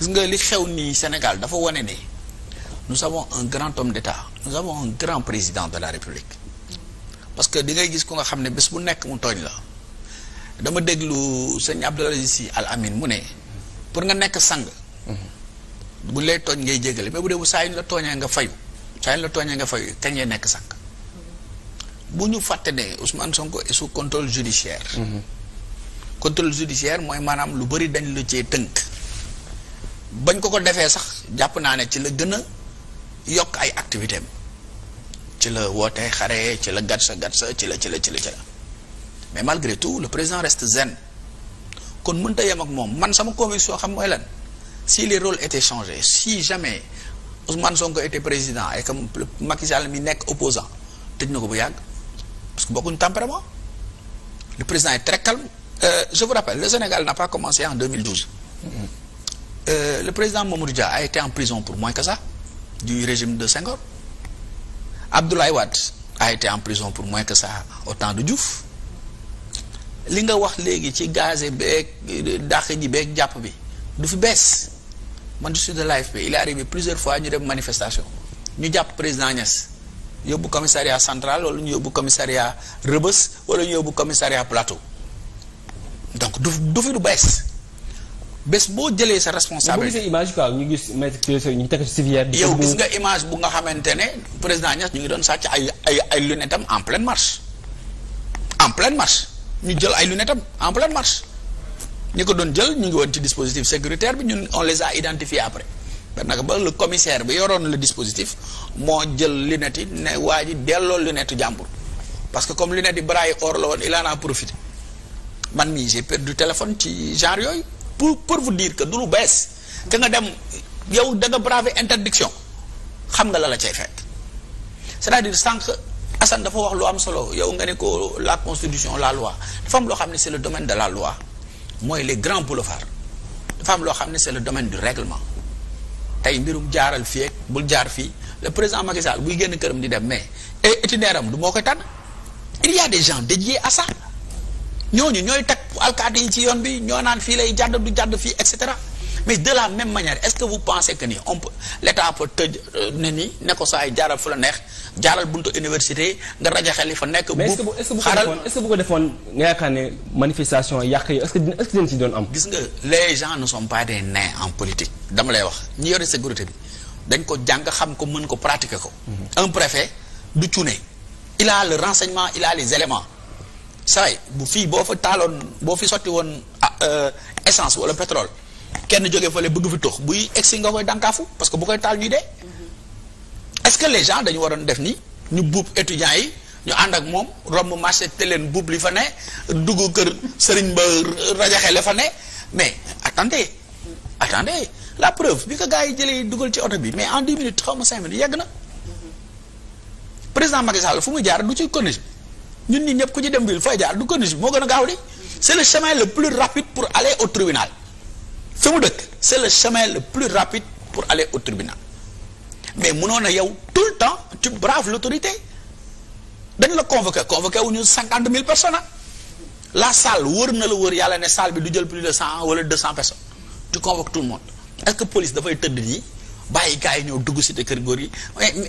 gis nga li xew nii Sénégal dafa wane ne nous avons un grand homme d'État nous avons un grand président de la République parce que di ngay gis ko nga xam ne bés bu nekk mu tooñ la dama déglu sëñ Abdoul Aziz Sy mu ne pour nga nekk sang bu lay ngay jégale mais bu dee bu saa yu la tooñee nga fayu saa yu ñu la tooñee nga fayu kañ nekk sang bu ñu fàtte ne Ousmane Sonko est sous contrôle judiciaire mm-hmm. contrôle judiciaire mooy maanaam lu bëri dañ la cee tënk bañ ko ko defee sax jàpp naa ne ci la gën a yokk ay activité am ci la wootee xare ci la gatsa gatsa ci la ci la ci la ci mais malgré tout le président rest zen kon mënta yem ak moom man sama conviction xam mooy lan si les rôles étaient changés si jamais Ousmane Sonko était président et que Macky Sall mi nekk opposant tëj na ko bu yàgg parce que bokkuñu tempérament lu président est très calme euh, je vous le Sénégal n'a pas commencé en 2012. Mm -hmm. euh, le président Mamadou Dia a été en prison pour moins que ça du régime de Senghor Abdoulaye Wade a été en prison pour moins que ça au temps de Diouf li nga wax léegi ci gazé beeg dàq ji beeg jàpp bi du fi bees man je suis de l'AFP il est arrivé plusieurs fois ñu dem manifestation ñu jàpp président Niass yóbbu commissariat central wala ñu yóbbu commissariat Rebeuss wala ñu yóbbu commissariat Plateau donc du du fi du bees bés boo jëlee sa responsabilité. image quoi ñu gis maître teg ci civière. yow gis nga image bu nga xamante ne président Niass ñu ngi doon sàcc ay ay ay lunettes am en pleine marche en pleine marche ñu jël ay lunettes am en pleine marche ñu ko doon jël ñu ngi woon ci dispositif sécuritaire bi ñun on les a identifiés après. parce naka ba le commissaire bi yoroon le dispositif moo jël lunette yi ne waa ji delloo lunette jàmbur parce que comme lunette yi bras yi or la woon il en a profité man mii j'ai du téléphone ci genre yooyu. pour pour vous dire que du lu bees te nga dem yow da nga braver interdiction xam nga la la cay fekk c'est-à-dire sànq Assane dafa wax lu am solo yow nga ne ko la constitution la loi dafa am loo xam ne c'est le domaine de la loi mooy les grands boulevards dafa am loo xam ne c'est le domaine du règlement tey mbirum jaaral fii ak bul jaar fii le président Macky buy génn këram di dem mais itinéraire am du moo koy tànn il y a des gens dédiés à ça ñooñu ñooy teg alkaati yi ci yoon bi ñoo naan fii lay jàdd du jàdd fii et cetera mais de la même manière est-ce que vous pensez ni on peut l'État peut tëj euh, ne ni ne ko saa yi jaaral fu la neex jaaral buntu université nga li fa nekk. buub xaaral mais est-ce defoon nga yaakaar yàq yi est que est-ce que dina ci nga les gens ne sont pas des nains en politique dama lay wax ñi yore sécurité bi dañ ko jàng xam ko mën ko pratiquer ko. Mhm. un préfet du cuune il a le renseignement il a les éléments. saay bu fii boo fa taaloon boo fi sotti woon ah, euh, essence wala pétrole kenn jógee fële bëgg fi tox buy egsi nga koy dànkaafu parce que bu koy taal ñuy dee mm-hmm. est-ce que les gens dañu waroon def nii ñu buub étudiants yi ñu ànd ak moom romb marché te leen buub li fa ne dugg kër sëriñ ba rajaxe la fa ne mais attendez attendez la preuve bi ko gars yi jëlee dugal ci oto bi mais en dix minutes xaw ma cinq minutes yegg na mm-hmm. président Macky fu mu jaar du ci connaître ñun ñi ñëpp ku ci dem ville fay jaar du corniche bi moo gën a gaaw di c'est le chemin le plus rapide pour aller au tribunal fi mu dëkk c'est le chemin le plus rapide pour aller au tribunal mais mënoon na yow tout le temps tu braves l'autorité dañ la convoqué convoqué wu ñu cinquante mille personnes ah. la salle wër na la wër yàlla ne salle bi du jël plus de cent wala deux cent personnes tu convoques tout le monde est-ce que police dafay tëdd nii bàyyi gars yi ñëw dugg ci te kër góor yi